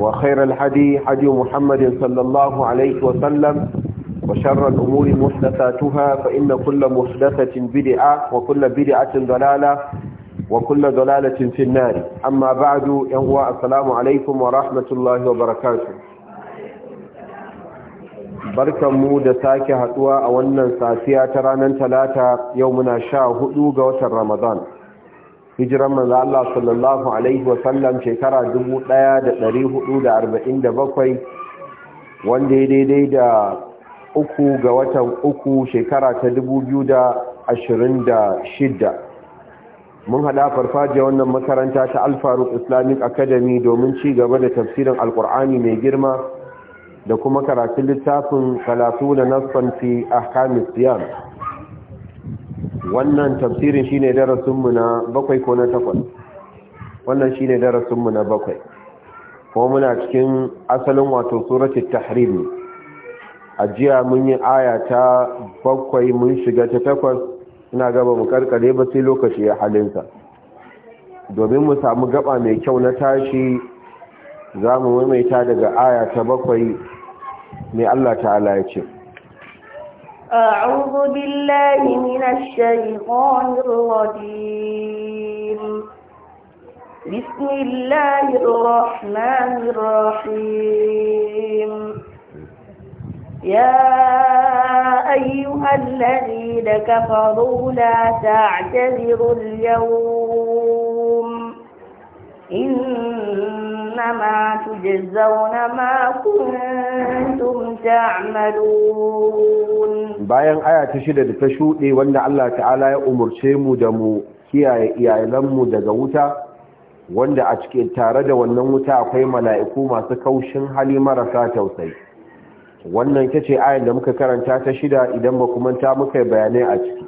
وخير الحدي حدي محمد صلى الله عليه وسلم وشر الأمور محدثاتها فإن كل محدثة بدعة وكل بدعة ضلالة وكل ضلالة في النار أما بعد يهوى السلام عليكم ورحمة الله وبركاته barkanmu da sake haduwa a wannan safiya ta ranar talata yau muna sha hudu ga watan ramadan hijiran manzo Allah sallallahu alaihi wasallam shekara 1447 wanda ya daidai da uku ga watan uku shekara ta 2026 mun hada farfajiya wannan makaranta ta Al-Faruq Islamic Academy domin ci gaba da tafsirin Al-Qur'ani mai girma da kuma karatun littafin 30 nasfan fi ahkamis siyam wannan tafsirin shine darasinmu na bakwai ko na takwas wannan shine darasinmu na bakwai ko muna cikin asalin wato suratul tahrim a jiya mun yi aya ta bakwai mun shiga ta takwas ina gaba mu karkare ba sai lokaci ya halinsa domin mu samu gaba mai kyau na tashi za mu maimaita daga aya ta bakwai mai Allah ta'ala ya ce أعوذ بالله من الشيطان الرجيم بسم الله الرحمن الرحيم يا أيها الذين كفروا لا تعتذروا اليوم إن إنما تجزون ما كنتم تعملون bayan aya ta shida da ta shuɗe wanda Allah ta'ala ya umarce mu da mu kiyaye iyayenmu daga wuta wanda a cikin tare da wannan wuta akwai mala'iku masu kaushin hali marasa tausayi wannan ta ce ayan da muka karanta ta shida idan ba kuma ta muka bayanai a ciki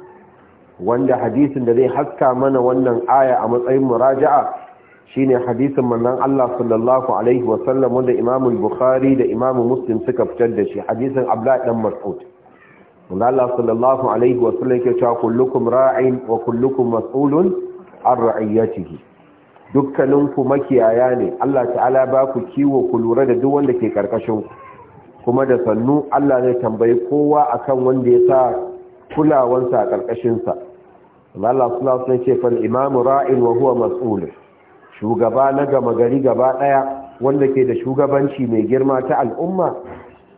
wanda hadisin da zai haska mana wannan aya a matsayin muraja'a ne hadisin manzon Allah sallallahu alaihi wasallam wanda Imam Bukhari da Imam Muslim suka fitar da shi hadisin Abdullah ɗan Mas'ud manzon Allah sallallahu alaihi wasallam yake cewa kullukum ra'in wa kullukum mas'ulun an ra'iyatihi dukkanin ku makiyaya ne Allah ta'ala ba ku kiwo ku lura da duk wanda ke karkashin kuma da sannu Allah zai tambayi kowa akan wanda ya sa kulawansa a karkashinsa. sa Allah sallallahu alaihi wasallam ce fal imamu ra'in wa huwa mas'ulun shugaba na gama gari gaba ɗaya wanda ke da shugabanci mai girma ta al'umma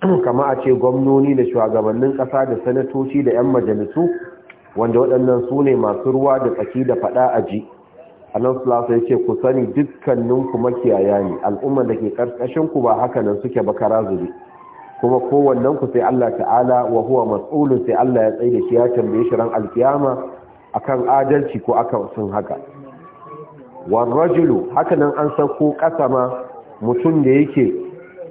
kama a ce gwamnoni da shugabannin ƙasa da sanatoci da 'yan majalisu wanda waɗannan su ne masu ruwa da tsaki da faɗa a ji anan sulasa ya ce ku sani dukkaninku makiyaya ne al'ummar da ke ku ba haka nan suke bakara kara zube kuma kowannen ku sai Allah ta'ala wa huwa mas'ulun sai Allah ya tsaye da shi ya tambaye shi ran alkiyama akan adalci ko aka sun haka warrajulu hakanan an sauko ƙasa ma mutum da yake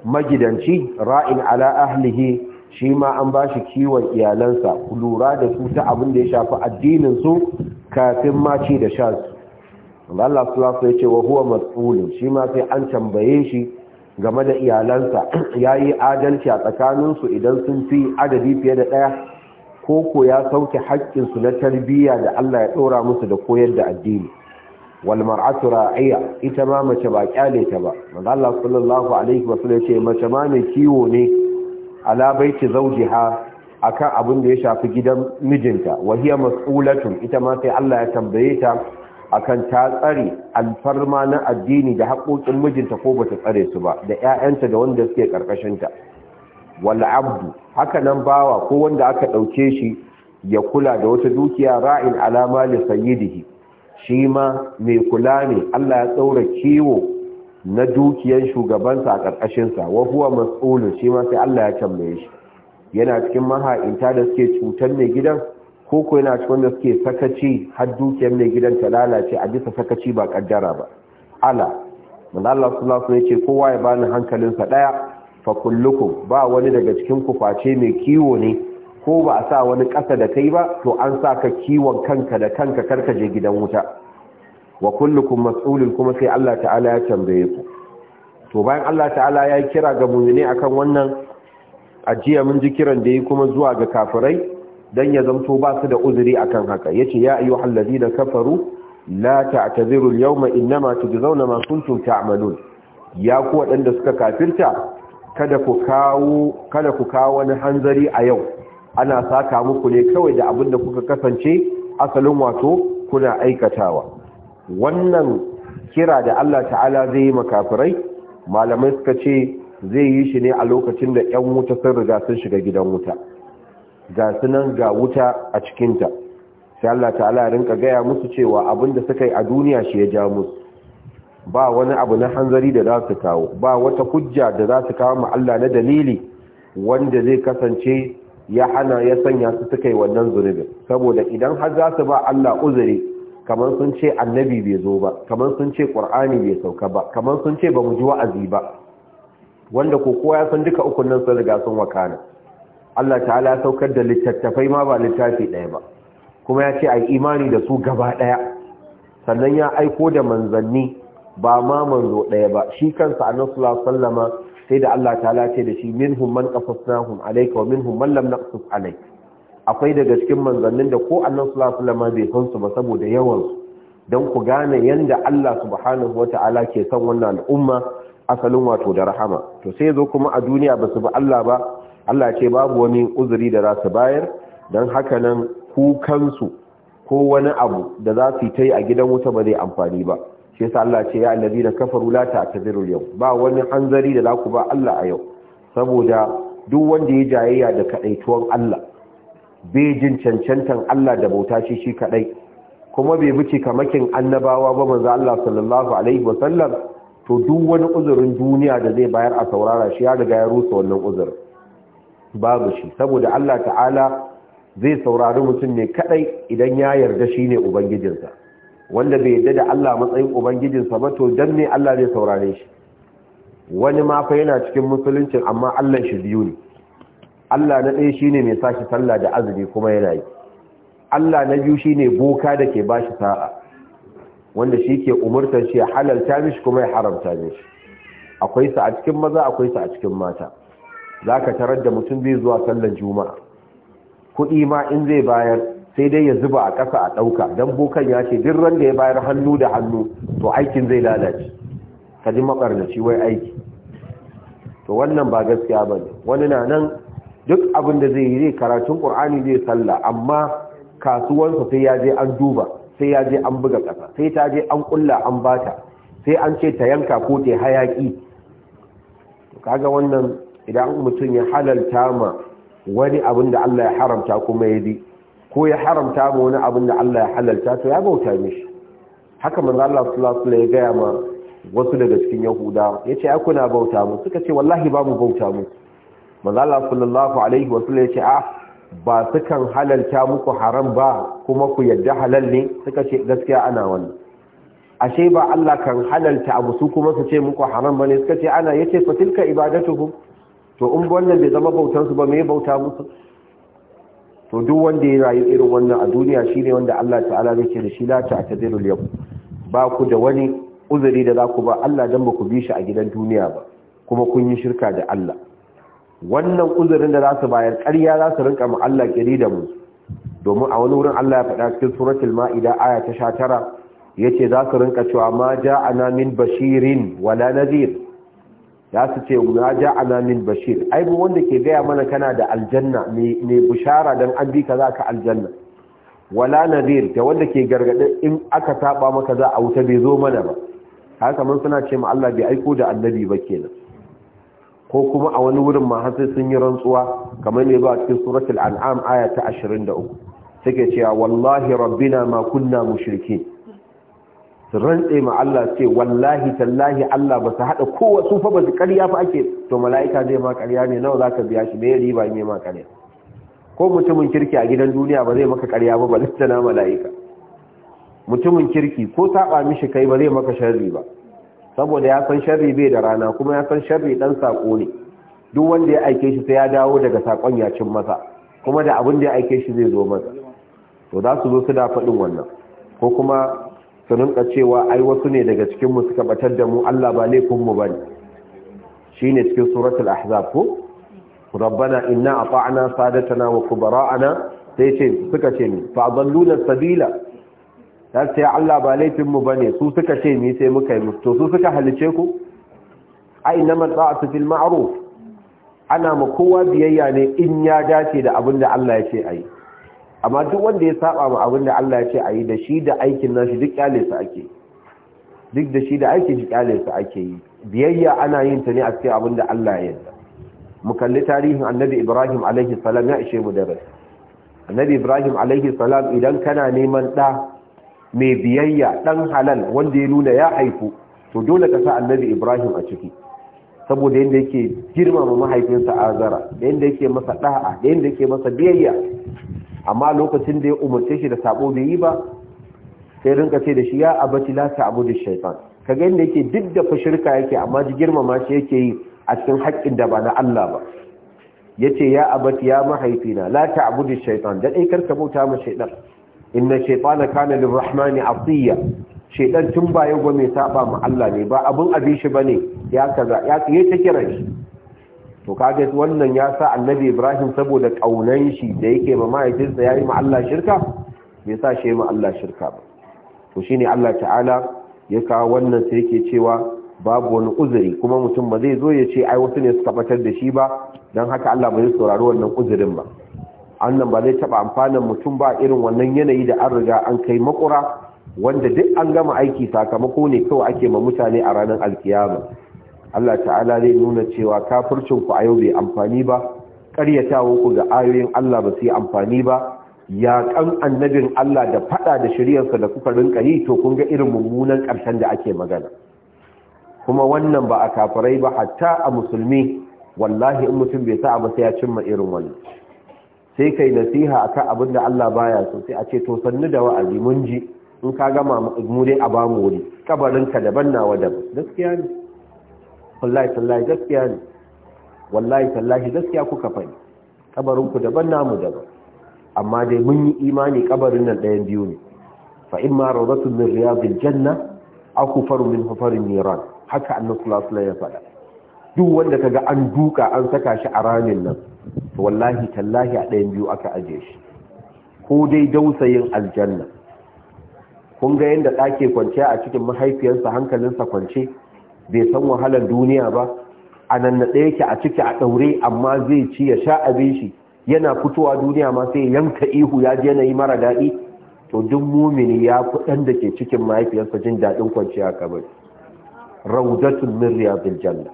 magidanci ra'in ala ahlihi shi ma an ba shi kiwon iyalansa lura da su ta abin da ya shafi addinin su kafin maci da sha su Allah sallallahu ya ce wa huwa shi ma sai an tambaye shi game da iyalansa yayi adalci a tsakaninsu idan sun fi adadi fiye da ɗaya, koko ya sauke haƙƙinsu na tarbiyya da Allah ya dora musu da koyar da addini walmar'atu mar'atu ra'iya ita ma mace ba kyale ta ba manzo Allah sallallahu alaihi wa sallam mace ma mai kiwo ne ala baiti zawjiha akan abin da ya shafi gidan mijinta wa hiya mas'ulatun ita ma sai Allah ya tambaye ta akan ta tsare alfarma na addini da haƙoƙin mijinta ko bata tsare su ba da ƴaƴanta da wanda suke karkashin ta wal abdu haka nan bawa ko wanda aka dauke shi ya kula da wata dukiya ra'in alama li sayyidihi shi ma mai kula ne Allah ya tsaura kiwo na dukiyar shugabansa a ƙarƙashinsa wa huwa mas'ulun shi ma sai Allah ya tambaye shi yana cikin maha'inta da suke cutar mai gidan ko ko yana cikin da suke sakaci har dukiyar mai gidan ta lalace a bisa sakaci ba ƙaddara ba ala manzo Allah sallallahu alaihi ce kowa ya bani hankalinsa daya fa kullukum ba wani daga cikin ku face mai kiwo ne ko ba a sa wani ƙasa da kai ba to an sa ka kiwon kanka da kanka karka je gidan wuta wa kullukum mas'ulun kuma sai Allah ta'ala ya tambaye ku to bayan Allah ta'ala ya yi kira ga mu'mini akan wannan ajiya mun ji kiran da yi kuma zuwa ga kafirai dan ya zanto ba su da uzuri akan haka yace ya ayyuhal ladina kafaru la ta'tadiru al-yawma innama tujzauna ma kuntum ta'malun ya ku waɗanda suka kafirta kada ku kawo kada ku kawo wani hanzari a yau ana saka muku ne kawai da abin da kuka kasance asalin wato kuna aikatawa wannan kira da Allah ta'ala zai yi makafirai malamai suka ce zai yi shi ne a lokacin da 'yan wuta sun riga sun shiga gidan wuta ga sunan ga wuta a cikinta sai Allah ta'ala rinka gaya musu cewa abin da suka yi a duniya shi ya ja musu ba wani abu na hanzari da za su kawo ba wata hujja da za su kawo ma Allah na dalili wanda zai kasance ya hana ya sanya su suka yi wannan zunubin saboda idan har za su ba Allah uzuri kamar sun ce annabi bai zo ba kamar sun ce qur'ani bai sauka ba kamar sun ce bamu ji wa'azi ba wanda ko kowa ya san duka ukun nan sun riga sun wakana Allah ta'ala ya saukar da littattafai ma ba littafi ɗaya ba kuma ya ce a yi imani da su gaba ɗaya sannan ya aiko da manzanni ba ma manzo ɗaya ba shi kansa annabi sallallahu alaihi wasallama sai da Allah ta lace da shi minhum man qasasnahum alayka wa minhum man lam naqsus alayk akwai daga cikin manzannin da ko annabi sallallahu alaihi wasallam bai san su ba saboda yawan su dan ku gane yanda Allah subhanahu wataala ke son wannan al'umma asalin wato da rahama to sai zo kuma a duniya basu ba Allah ba Allah ce babu wani uzuri da za su bayar dan haka nan ku kansu ko wani abu da za su yi ta a gidan wuta ba zai amfani ba shi yasa Allah ce ya da kafaru la ta'tadiru yau ba wani hanzari da zaku ba Allah a yau saboda duk wanda ya jayayya da kadaituwan Allah bai jin cancantan Allah da bauta shi shi kadai kuma bai bice kamakin annabawa ba manzo Allah sallallahu alaihi wasallam to duk wani uzurin duniya da zai bayar a saurara shi ya riga ya rusa wannan uzurin babu shi saboda Allah ta'ala zai saurari mutum ne kadai idan ya yarda shine ubangijinsa wanda bai yadda da Allah matsayin ubangijinsa ba to dan ne Allah zai saurare shi wani ma fa yana cikin musulunci amma Allah shi biyu ne Allah na ɗaya shine mai shi sallah da azumi kuma yana yi Allah na biyu shine boka da ke bashi sa'a wanda shi ke umurtar shi ya halalta mishi kuma ya haramta mishi akwai sa a cikin maza akwai sa a cikin mata za ka tarar da mutum zai zuwa sallar juma'a kuɗi ma in zai bayar sai dai ya zuba a ƙasa a ɗauka don bokan ya ce duk ran da ya bayar hannu da hannu to aikin zai lalace ka ji maɓarnaci wai aiki to wannan ba gaskiya ba ne wani na nan duk abin da zai yi zai karatun ƙur'ani zai sallah amma kasuwansa sai ya je an duba sai ya je an buga ƙasa sai ta je an ƙulla an bata sai an ce ta yanka ko ta hayaƙi kaga wannan idan mutum ya halalta ma wani abin da Allah ya haramta kuma ya bi ko ya haramta ba wani abin da Allah ya halalta to ya bauta mishi haka manzo Allah sallallahu alaihi ya gaya ma wasu daga cikin yahuda yace ai kuna bauta mu suka ce wallahi ba mu bauta mu manzo Allah sallallahu alaihi wasallam yace ah ba sukan halalta muku haram ba kuma ku yadda halal ne suka ce gaskiya ana wannan ashe ba Allah kan halalta abu su kuma su ce muku haram bane suka ce ana yace tilka ibadatuhum to in wannan bai zama bautansu ba me bauta musu to duk wanda ya rayu irin wannan a duniya shine wanda Allah ta'ala yake da shi la ta'tadirul yau ba ku da wani uzuri da za ku ba Allah dan ba ku bi shi a gidan duniya ba kuma kun yi shirka da Allah wannan uzurin da za su bayar ƙarya za su rinka mu Allah kiri da mu domin a wani wurin Allah ya faɗa cikin suratul ma'ida aya ta 19 yace za su rinka cewa ma ja'ana min bashirin wala nadhir Ya su ce na ja alamin bashir ai wanda ke gaya mana kana da aljanna mai bushara don an bi ka za ka aljanna wala nadir da wanda ke gargaɗin in aka saba maka za a wuta bai zo mana ba haka mun suna ce ma Allah bai aiko da annabi ba kenan ko kuma a wani wurin ma har sun yi rantsuwa kamar ne zuwa cikin suratul an'am aya ta 23 take cewa wallahi rabbina ma kunna mushrikin su rantse ma Allah ce wallahi tallahi Allah ba su haɗa kowa su fa ba su ƙarya fa ake to mala'ika zai ma ƙarya ne nawa zaka biya shi mai riba ne ma ƙarya ko mutumin kirki a gidan duniya ba zai maka ƙarya ba balista na mala'ika mutumin kirki ko taɓa mishi kai ba zai maka sharri ba saboda ya san sharri bai da rana kuma ya san sharri dan sako ne duk wanda ya aike shi sai ya dawo daga sakon ya cin masa kuma da abin da ya aike shi zai zo masa to za su zo su da faɗin wannan ko kuma su rinka cewa ai wasu ne daga cikinmu suka batar da mu Allah ba laifinmu ba ne shi ne cikin suratul ahzab ko rabbana inna ata'na sadatana wa kubara'ana sai ce suka ce ni fa adalluna sabila dan ce Allah ba laifinmu ba ne su suka ce ni sai muka yi musu to su suka halice ku ai na ta'atu fil ma'ruf ana ma kowa biyayya ne in ya dace da abin da Allah ya ce ai amma duk wanda ya saba ma abinda Allah ya ce a yi da shi da aikin nashi duk kyale su ake duk da shi da aikin shi kyale ake yi biyayya ana yin ta ne a cikin abinda da Allah ya yarda mu kalli tarihin annabi Ibrahim alaihi salam ya ishe mu da darasi annabi Ibrahim alaihi salam idan kana neman da mai biyayya dan halal wanda ya nuna ya haifu to dole ka sa annabi Ibrahim a ciki saboda yadda yake girmama mahaifinsa azara da yadda yake masa da'a da yadda yake masa biyayya amma lokacin da ya umarce shi da sabo bai yi ba sai rinka ce da shi ya abati la ta'budu ka kaga inda yake duk da fa yake amma ji girmama shi yake yi a cikin haƙƙin da ba na Allah ba yace ya abati ya mahaifina la ta'budu shaitan da dai karka bauta ma shaiɗan. inna shaytana kana lirrahmani asiya shaitan tun ba yau ba mai saba ma Allah ne ba abun abin shi bane ya kaza ya yake shi to kaga wannan ya sa annabi ibrahim saboda kaunan shi da yake ma mahaifinsa ya yi ma Allah shirka bai sa shi ma Allah shirka ba to shi ne Allah ta'ala ya kawo wannan sai yake cewa babu wani uzuri kuma mutum ba zai zo ya ce ai wasu ne suka batar da shi ba don haka Allah ba zai saurari wannan uzurin ba annan ba zai taba amfanin mutum ba irin wannan yanayi da an riga an kai makura wanda duk an gama aiki sakamako ne kawai ake ma mutane a ranar alkiyama Allah ta'ala zai nuna cewa kafircin ku a yau bai amfani ba ƙaryatawa ku ga ayoyin Allah ba su yi amfani ba Ya kan annabin Allah da faɗa da shiryarsa da kuka rinka yi to kun ga irin mummunan ƙarshen da ake magana kuma wannan ba a kafirai ba hatta a musulmi wallahi in mutum bai sa'a ba sai ya cimma irin wannan sai kai nasiha akan abin da Allah baya so sai a ce to sannu da wa'azi mun ji in ka gama mu dai a bamu wuri kabarinka daban nawa daban gaskiya ne wallahi tallahi gaskiya ne wallahi tallahi gaskiya kuka faɗi kabarin ku daban namu daban amma dai mun yi imani kabarin nan ɗayan biyu ne fa in ma rawdatun min riyadil janna aw faru min hufarin niran haka annabi sallallahu ya faɗa duk wanda kaga an duka an saka shi a ramin nan to wallahi tallahi a ɗayan biyu aka aje shi ko dai dausayin aljanna kun ga yadda ɗake kwance a cikin mahaifiyarsa hankalinsa kwance bai san wahalar duniya ba a nan na ɗaya ke a ciki a ɗaure amma zai ci ya sha abin shi yana fitowa duniya ma sai yanka ihu ya ji na yi mara daɗi to duk mumini ya fi ɗan da ke cikin mahaifiyarsa jin daɗin kwanciya kabari raudatun min riyadil janna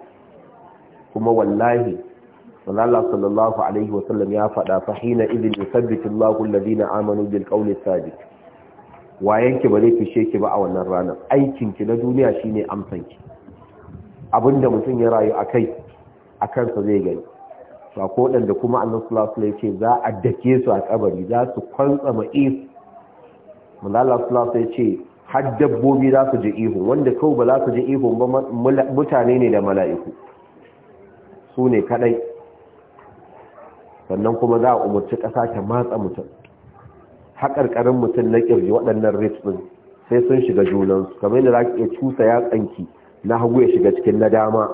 kuma wallahi Allah sallallahu alaihi wa sallam ya faɗa fa hina idin yusabbitu Allahu alladhina amanu bil qawli sabit wayanki ba zai fishe ki ba a wannan ranar aikin ki na duniya shine amsanki ki abinda mutum ya rayu a kai a kansa zai gani ba ko waɗanda kuma annan sulasula ya ce za a dake su a kabari za su kwantsa ma mulala sulasula ya ce har dabbobi za su ji ihu wanda kawai ba za su ji ihu ba mutane ne da mala'iku su ne kaɗai sannan kuma za a umarci ƙasa ta matsa mutum haƙarƙarin mutum na ƙirji waɗannan ritmin sai sun shiga junansu kamar yadda za ka iya cusa yatsanki na hagu ya shiga cikin na dama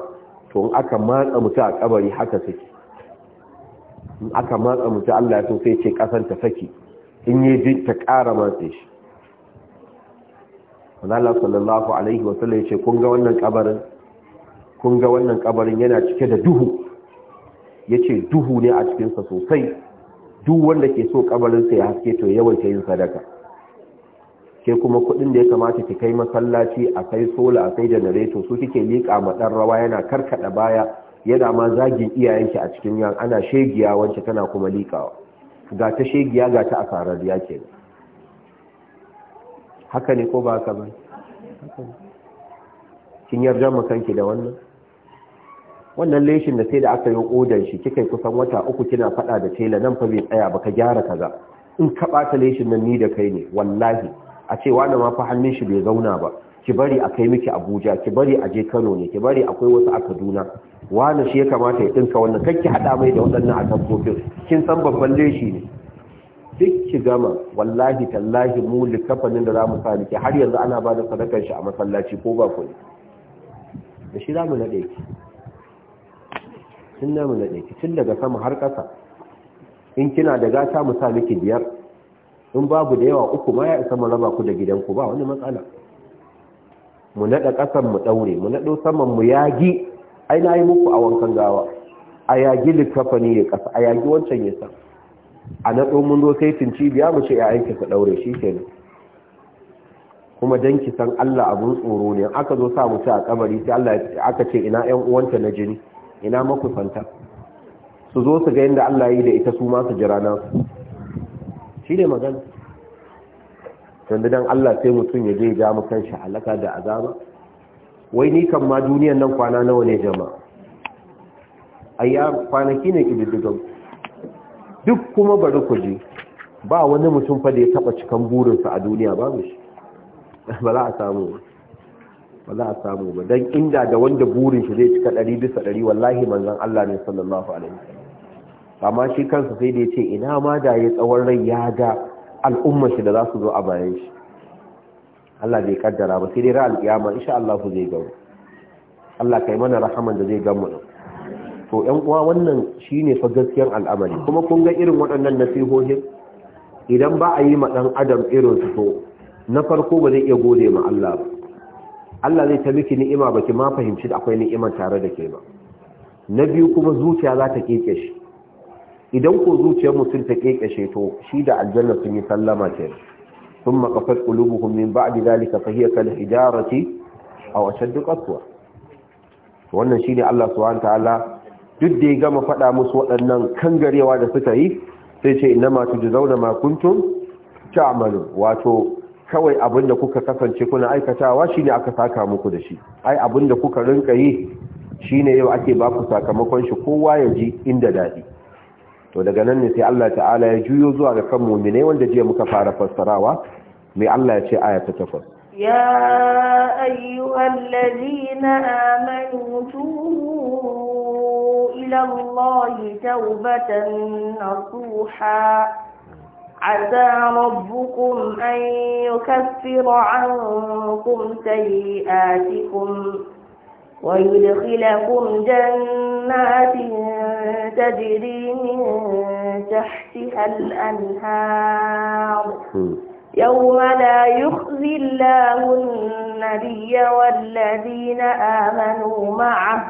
to in aka matsa mutu a kabari haka suke in aka matsa mutu Allah ya so sai ce kasan ta saki in yi ji ta ƙara matse shi Allah sallallahu alaihi wasallam ya ce kun ga wannan kabarin kun ga wannan kabarin yana cike da duhu Ya ce duhu ne a cikinsa sosai duk wanda ke so kabarin ya haske to yawan yin sadaka ke kuma kuɗin da ya kamata ki kai masallaci a kai sola a kai janareto su kike liƙa ma ɗan rawa yana karkaɗa baya yana ma zagin iyayenki a cikin yan ana shegiya wacce tana kuma liƙawa ga ta shegiya ga ta asarar ya ke haka ne ko ba haka ba kin yarda mu kanki da wannan wannan leshin da sai da aka yi odan shi kika kusan wata uku kina faɗa da tela nan fa bai tsaya ba ka gyara kaza in ka ɓata leshin nan ni da kai ne wallahi a ce wanda ma fa hannun shi bai zauna ba ki bari a kai miki abuja ki bari a je kano ne ki bari akwai wasu a kaduna wani shi ya kamata ya ɗinka wannan kakki haɗa mai da waɗannan a kofin kin san babban leshi ne duk ki gama wallahi tallahi mu likafanin da zamu mu sa miki har yanzu ana ba da sadakar shi a masallaci ko ba ne da shi za mu naɗe ki tun naɗe ki tun daga sama har ƙasa in kina da gata mu sa miki biyar in babu da yawa uku ma ya isa mu raba ku da gidanku ba wani matsala mu naɗa ƙasan mu ɗaure mu naɗo saman mu yagi ai na yi muku a wankan gawa a yagi littafani ya ƙasa a yagi wancan ya sa a naɗo mun zo sai tunci biya mu ce ya aiki ka ɗaure shi ke kuma dan ki san Allah abun tsoro ne aka zo sa mu ci a kabari sai Allah aka ce ina ƴan uwanta na jini ina makusanta su zo su ga yadda Allah yi da ita su ma su jira nasu shi ne magana tunda don Allah sai mutum ya je ga mutan kanshi halaka da azama, wai ni kan ma duniyan nan kwana nawa ne jama'a ayya kwanaki ne kididdigan duk kuma bari ku je ba wani mutum fa da ya taba cikan burinsa a duniya ba mu shi ba za a samu ba za a samu ba Don inda da wanda burin shi zai cika ɗari bisa ɗari, wallahi manzon Allah ne sallallahu alaihi wasallam amma shi kansa sai da ya ce ina ma da ya tsawon rai ya ga al'umma shi da za su zo a bayan shi Allah bai kaddara ba sai dai ra'al kiyama insha Allah ku zai gamu Allah kai mana rahaman da zai gamu din to ƴan uwa wannan shine fa gaskiyar al'amari kuma kun ga irin waɗannan nasihohin idan ba a yi ma dan adam irin su to na farko ba zai iya gode ma Allah ba Allah zai ta miki ni'ima baki ma fahimci da akwai ni'imar tare da ke ba na biyu kuma zuciya za ta kike shi idan ko zuciyar mutum ta kekashe to shi da aljanna sun yi sallama ce sun makafar ƙulubuhun min ba'di zalika fahiyar kal hijarati a wacce duk asuwa wannan shi ne Allah subhanahu ta'ala duk da ya gama faɗa musu waɗannan kangarewa da suka yi sai ce ina masu ji zaune makuntun? Ta ta'malu wato kawai abin da kuka kasance kuna aikatawa Shi ne aka saka muku da shi ai abin da kuka rinka yi ne yau ake ba ku sakamakon shi kowa ya ji inda daɗi to daga nan ne sai Allah ta'ala ya juyo zuwa ga kan mu'minai wanda jiya muka fara fassarawa mai Allah ya ce aya ta takwas ya ayyuhallazina amanu tubu ila Allah ta'ubatan nasuha عسى ربكم أن يكفر عنكم سيئاتكم ويدخلكم جنات تجري من تحتها الأنهار يوم لا يخزي الله النبي والذين آمنوا معه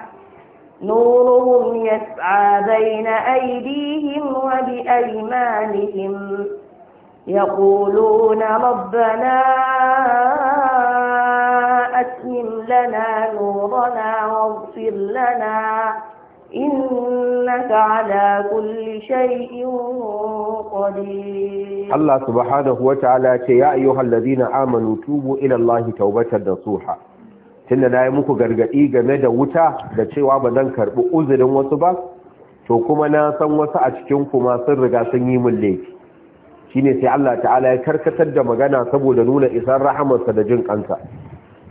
نورهم يسعى بين أيديهم وبأيمانهم يقولون ربنا أتمم لنا نورنا واغفر لنا إنك على كل شيء قدير الله سبحانه وتعالى يا أيها الذين آمنوا توبوا إلى الله توبة نصوحا tunda na yi muku gargaɗi game da wuta da cewa ba zan karɓi uzurin wasu ba to kuma na san wasu a cikin kuma sun riga sun yi min laifi shine sai Allah ta'ala ya karkatar da magana saboda nuna isar rahamarsa da jin kansa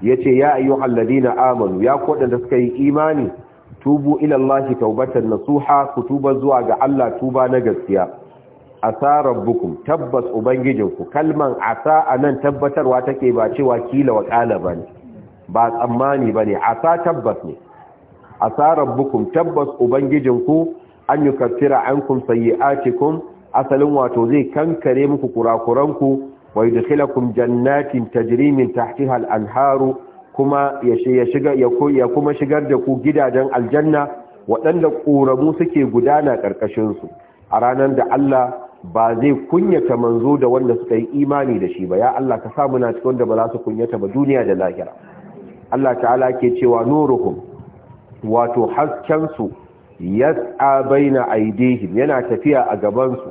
Ya ce ya ayyuhal na Amadu ya ku da suka yi imani tubu ilallahi Allah taubatan nasuha ku tuba zuwa ga Allah tuba na gaskiya asa rabbukum tabbas ubangijinku kalman asa anan tabbatarwa take ba cewa kila wa kala bane ba tsammani bane asa tabbas ne asa rabbukum tabbas ubangijinku an yukaffira ankum sayyi'atikum asalin wato zai kankare muku kurakuranku wa yudkhilakum jannatin tajri min tahtiha anharu kuma ya kuma shigar da ku gidajen aljanna waɗanda ƙoramu suke gudana ƙarƙashinsu, a ranar da Allah ba zai kunyata manzo da wanda suka yi imani da shi ba ya Allah ka sa muna cikin wanda ba za su kunyata ba duniya da lahira Allah ta'ala ke cewa nuruhum wato hasken su yas'a baina aidihim yana tafiya a gabansu.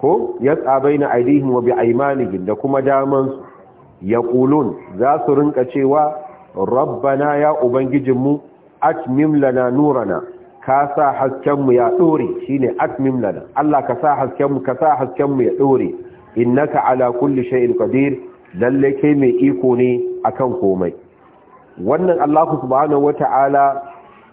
ko yas'a baina aidihim wa bi'aymanihim da kuma daman su yaqulun za su rinka cewa rabbana ya ubangijinmu atmim lana nurana ka sa haskenmu ya dore shine atmim lana Allah ka sa haskenmu ka sa haskenmu ya dore innaka ala kulli shay'in qadir lalle kai mai iko ne akan komai wannan Allah subhanahu wataala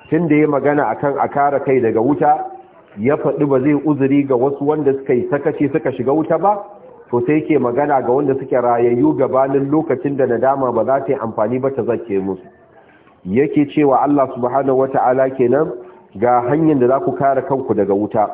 tunda ya magana akan akara kai daga wuta ya faɗi ba zai uzuri ga wasu wanda suka yi sakaci suka shiga wuta ba to sai yake magana ga wanda suke rayayyu gabanin lokacin da nadama ba za ta yi amfani ba ta zake musu yake cewa Allah subhanahu wata'ala kenan ga hanyar da za ku kare kanku daga wuta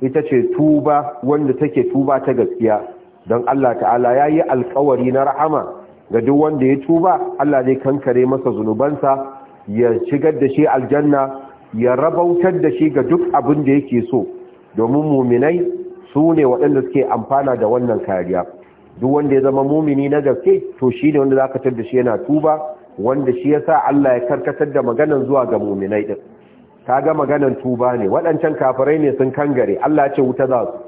ita ce tuba wanda take tuba ta gaskiya don Allah ta'ala ya yi alkawari na rahama ga duk wanda ya tuba Allah zai kankare masa zunubansa ya shigar da shi aljanna ya rabautar da shi ga duk abin da yake so domin muminai su ne waɗanda suke amfana da wannan kariya duk wanda ya zama mumini na gaske to shi ne wanda za ka tar da shi yana tuba wanda shi ya sa Allah ya karkatar da maganan zuwa ga muminai ɗin ta ga maganan tuba ne waɗancan kafirai ne sun kangare Allah ce wuta za su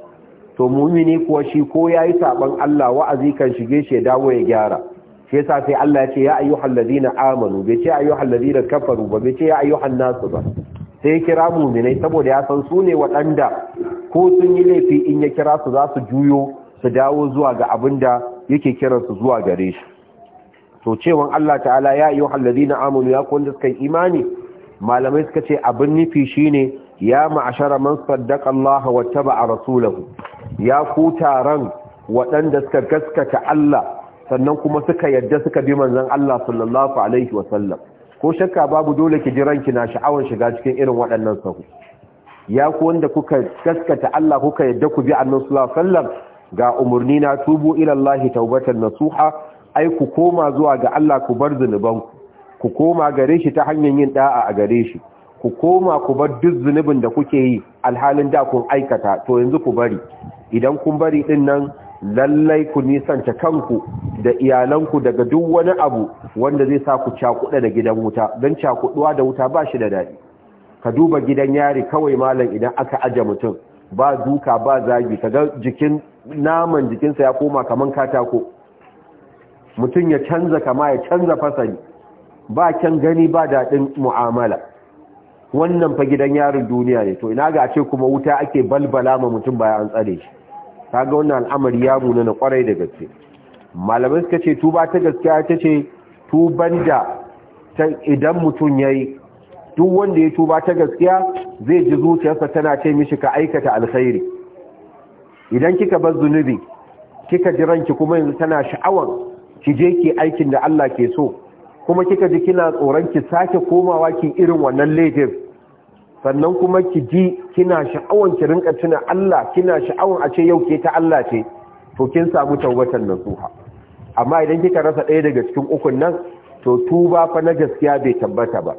to mumini kuwa shi ko ya yi saɓon Allah wa'azi kan shige shi ya dawo ya gyara shi sa sai Allah ya ce ya na ladina amanu bai ce ayyuhan ladina kafaru ba bai ce ya ayyuhan nasu ba sai ya kira muminai saboda ya san su ne waɗanda ko sun yi laifi in ya kira su za su juyo su dawo zuwa ga abin da yake kiransu zuwa gare shi to cewan Allah ta'ala ya yi na amunu ya kuwa suka imani malamai suka ce abin nufi shine ya ma'ashara man saddaqa Allah ba a rasulahu ya ku taron waɗanda suka gaskata Allah sannan kuma suka yadda suka bi manzon Allah sallallahu alaihi Wasallam. ko shakka babu dole ki ki na sha'awar shiga cikin irin waɗannan sahu ya ku wanda kuka gaskata Allah kuka yadda ku bi annabi sallallahu alaihi wasallam ga umurni na tubu ila Allah taubatan nasuha ai ku koma zuwa ga Allah ku bar zunubanku ku koma gare shi ta hanyar yin da'a a gare shi ku koma ku bar duk zunubin da kuke yi alhalin da kun aikata to yanzu ku bari idan kun bari din nan lallai ku nisanta kanku da iyalanku daga duk wani abu wanda zai sa ku cakuɗa da gidan wuta don cakuɗuwa da wuta ba shi da daɗi ka duba gidan yari kawai malam idan aka aje mutum ba duka ba zagi kaga jikin naman jikinsa ya koma kaman katako mutum ya canza kama ya canza fasali ba kyan gani ba daɗin mu'amala wannan fa gidan yarin duniya ne to ina ga ce kuma wuta ake balbala ma mutum baya an tsare shi Ka wannan al'amari ya nuna na kwarai da gaske malamai suka ce tuba ta gaskiya ta ce tuban da idan mutum ya yi duk wanda ya tuba ta gaskiya zai ji zuciyarsa tana ce mishi ka aikata alkhairi idan kika bar zunubi kika ji ranki kuma yanzu tana sha'awan ki je ki aikin da Allah ke so kuma kika ji kina tsoron ki sake komawa ki irin wannan laifin sannan kuma ki ji kina sha'awar ki rinka tuna Allah kina sha'awar a ce yau ke ta Allah ce to kin samu tawbatan nasuha amma idan kika rasa ɗaya daga cikin ukun nan to tuba fa na gaskiya bai tabbata ba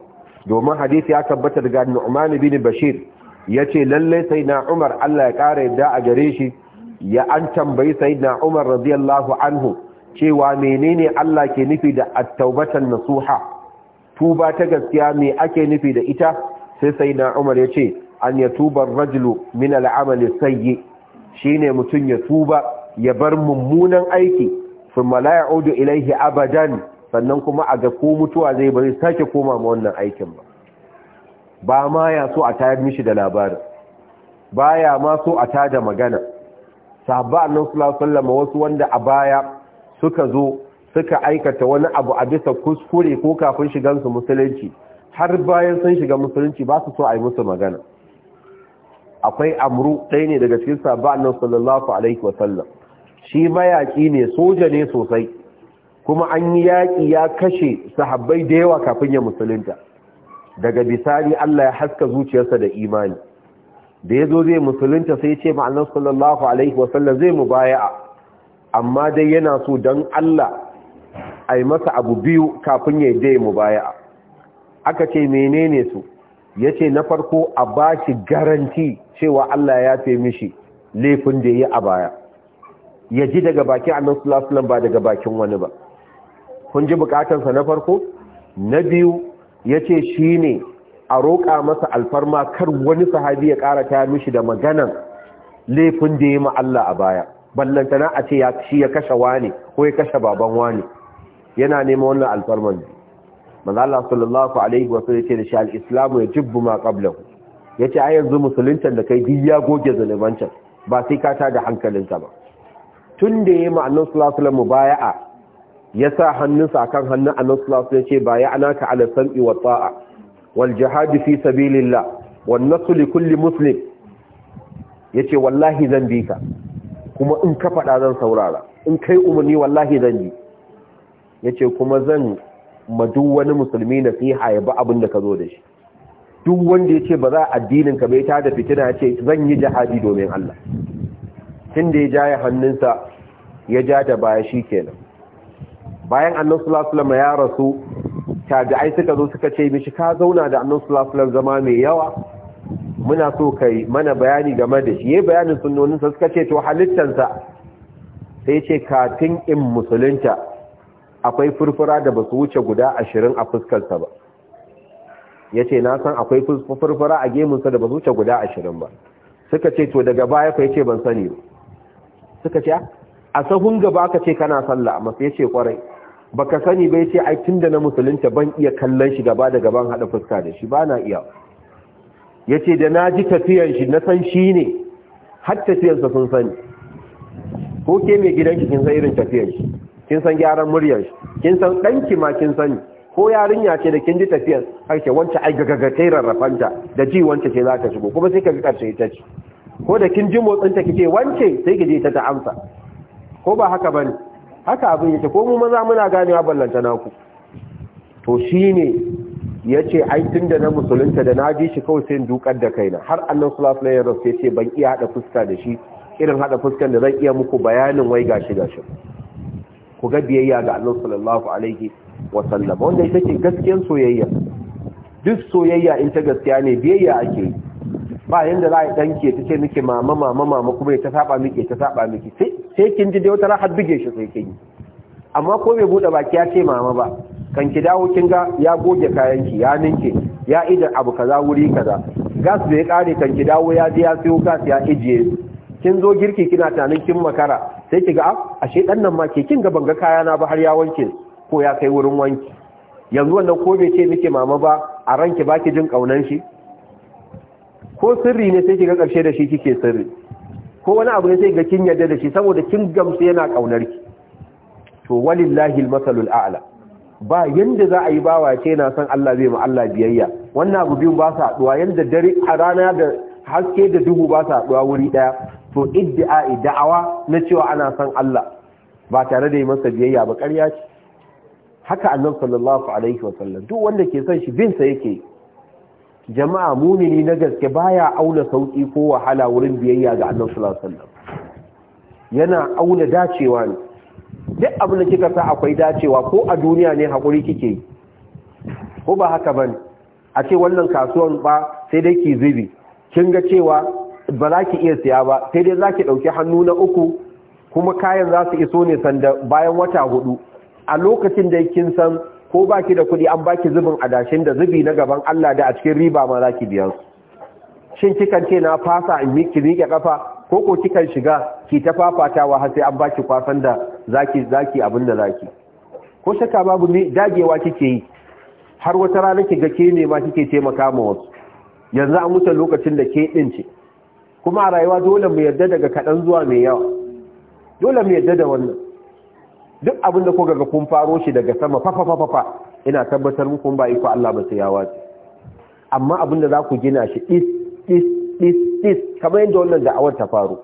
domin hadisi ya tabbata daga Nu'man bin Bashir yace lalle na Umar Allah ya kare yadda a gare shi ya an tambayi na Umar radiyallahu anhu cewa menene Allah ke nufi da at-taubatan nasuha tuba ta gaskiya me ake nufi da ita sai sai na umar ya ce an ya tuba rajulu min al'amali sayi shi ne mutum ya tuba ya bar mummunan aiki sun malaya odo ilaihi abadan sannan kuma a ga ko mutuwa zai bari sake koma ma wannan aikin ba ba ma ya so a tayar mishi da labarin ba ya ma so a tada magana sahabba annan sulasallama wasu wanda a baya suka zo suka aikata wani abu a bisa kuskure ko kafin shigansu musulunci har bayan sun shiga musulunci ba su so a yi musu magana akwai amru ɗaya ne daga cikin sabon annan sallallahu alaihi wasallam shi mayaƙi ne soja ne sosai kuma an yi yaƙi ya kashe sahabbai da yawa kafin ya musulunta daga bisani Allah ya haska zuciyarsa da imani da ya zo zai musulunta sai ce ma'anar sallallahu alaihi wasallam zai mu baya'a amma dai yana so don Allah a yi masa abu biyu kafin ya yi mu baya'a aka ce menene su ya ce na farko a ba shi garanti cewa Allah ya fi mishi laifin da ya yi a baya ya ji daga bakin annan sulasulan ba daga bakin wani ba kun ji bukatansa na farko na biyu ya ce shi ne a roƙa masa alfarma kar wani sahabi ya ƙara ta mishi da maganan laifin da ya yi Allah a baya ballantana a ce shi ya kashe wani ko ya kashe baban wani yana neman wannan alfarman manzo Allah sallallahu alaihi wa ya yace da shi al-islamu yajibbu ma Ya ce ai yanzu musulunta da kai duk ya goge zalubancin ba sai ka tada hankalinka ba tun da yayi ma'annan sallallahu alaihi wa mubaya'a a. hannunsa akan hannun annabi sallallahu alaihi wa yace baya'anaka ala sam'i wa ta'a wal jihad fi sabilillah wan nasr li kulli muslim ce wallahi zan bi ka kuma in ka faɗa zan saurara in kai umarni wallahi zan Ya ce kuma zan ma duk wani musulmi nasiha ya bi abin da ka zo da shi duk wanda ya ce ba za addinin ka bai da fitina ya ce zan yi jihadi domin Allah tun da ya jaya hannunsa ya ja da baya shi kenan bayan annan sulasulama ya rasu ai suka zo suka ce mishi ka zauna da annan sulasulama zama mai yawa muna so kai mana bayani game da shi ya bayanin sunnoninsa suka ce to halittansa sai ce katin in musulunta akwai furfura da ba su wuce guda ashirin a fuskarsa ba ya ce na san akwai furfura a gemunsa da ba su wuce guda ashirin ba suka ce to daga baya kai ce ban sani suka ce ah, a sahun gaba ka ce kana sallah masu ya ce kwarai Ba ka sani bai ce ai tun da na musulunta ban iya kallon shi gaba da gaban haɗa fuska da shi ba na iya ya ce da na ji tafiyan shi na san shi ne har tafiyansa sun sani ko ke mai gidan shi kin san irin tafiyan shi kin san gyaran muryar shi kin san danki ma kin sani ko yarinya ce da kin ji tafiyar harshe wancan ai gaga gagagatai rarrafanta da ji wancan ce za ta shigo kuma sai ka ga karshe ita ce ko da kin ji motsin ta kike wance sai ki je ta ta amsa ko ba haka bane haka abin yake ko mu maza muna ganewa ballanta naku to shine yace ai tunda na musulunta da na ji shi kawai sai dukar da kaina har annabi sallallahu alaihi wasallam ce ban iya hada fuska da shi irin hada fuskan da zan iya muku bayanin wai gashi gashi ku ga biyayya ga Allah sallallahu alaihi wa sallam wanda ita ce gaskiyar soyayya duk soyayya in ta gaskiya ne biyayya ake yi ba yanda za a ɗanke ta ce miki mama mama mama kuma ya ta saba miki ta saba miki sai kin ji da wata rahar bige shi sai kin amma ko bai buɗe baki ya ce mama ba kan ki dawo kin ga ya goge kayan ki ya ninke ya idan abu kaza wuri kaza gas bai kare kan ki dawo ya ji ya siyo gas ya ijiye kin zo girki kina tunanin kin makara sai ki ga ah, ashe dan nan ma ke kin ga banga kaya na ba har ya wanke ko ya kai wurin wanki yanzu wannan ko bai ce miki mama ba a ranki baki jin kaunan shi ko sirri ne sai ki ga karshe da shi kike sirri ko wani abu ne sai ga kin yarda da shi saboda kin gamsu yana kaunar ki to walillahi almasalul a'la ba yanda za a yi bawa ce na san Allah zai mu Allah biyayya wannan abu biyu ba sa haduwa yanda dare a rana da haske da duhu ba sa haduwa wuri daya to iddi'a'i da'awa na cewa ana san Allah ba tare da yi masa biyayya ba ƙarya ce haka annab sallallahu alaihi sallam duk wanda ke son shi bin sa yake jama'a mumini na gaske baya auna sauki ko wahala wurin biyayya ga annab sallallahu alaihi yana auna dacewa ne duk abin da kika sa akwai dacewa ko a duniya ne hakuri kike ko ba haka bane a ce wannan kasuwan ba sai dai ki zubi kin ga cewa ba za ki iya siya ba sai dai za ki ɗauki hannu na uku kuma kayan za su iso ne sanda bayan wata hudu a lokacin da kin san ko ba ki da kuɗi an ba ki zubin adashin da zubi na gaban Allah da a cikin riba ma za ki biya su shin kikan ce na fasa in yi ki rike kafa ko ko kikan shiga ki ta fafatawa har sai an ba ki kwasan da zaki ki abin da zaki ko shaka babu ne dagewa kike yi har wata rana ki ga ke ne ma kike taimaka ma wasu yanzu an wuce lokacin da ke din ce kuma a rayuwa dole mu yadda daga kaɗan zuwa mai yawa dole mu yadda da wannan duk abin da kuka ga kun faro shi daga sama fafafafafa ina tabbatar muku ba iko Allah ba sai ya wace amma abin da za ku gina shi is is is is kamar yadda wannan da'awar ta faro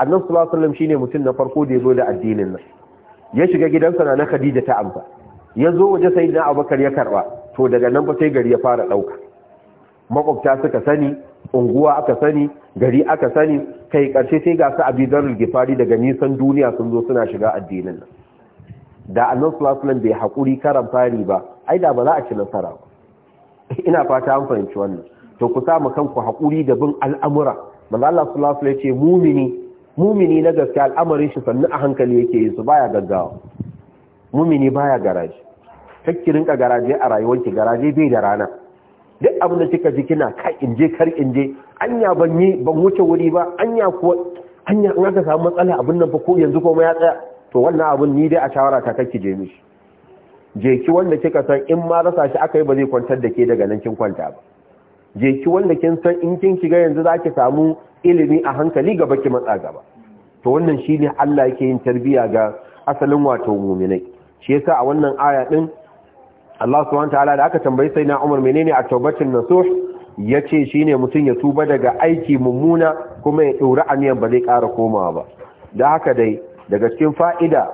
annabi sallallahu alaihi wasallam shine mutum na farko da ya da addinin nan ya shiga gidansa na Khadija ta amsa ya zo waje sayyidina Abubakar ya karba to daga nan ba sai gari ya fara dauka makwabta suka sani unguwa aka sani gari aka sani kai karshe sai ga su abidarul gifari daga nisan duniya sun zo suna shiga addinin nan da annan sulasulan bai haƙuri karan fari ba ai da ba za a ci nasara ba ina fata an fahimci wannan to ku sa mu kanku hakuri da bin al'amura manzo Allah sulasulan ce mumini mumini na gaske al'amarin shi sannu a hankali yake yi su baya gaggawa mumini baya garaje kakki rinka garaje a rayuwarki garaje bai da rana duk abin da kika ji kina kai inje kar inje, anya ban yi ban wuce wuri ba anya kuwa anya in aka samu matsala abin nan fa ko yanzu ko ya tsaya to wannan abin ni dai a shawara ta kake je mishi je ki wanda kika san in ma rasa shi aka yi ba zai kwantar da ke daga nan kin kwanta ba je ki wanda kin san in kin shiga yanzu zaki samu ilimi a hankali gaba ki matsa gaba to wannan shine Allah yake yin tarbiya ga asalin wato mu'minai shi yasa a wannan aya din Allah subhanahu ala da aka tambayi sai na Umar menene a Ya ce yace shine mutum ya tuba daga aiki mummuna kuma ya daura aniyan ba zai ƙara komawa ba da haka dai daga cikin fa'ida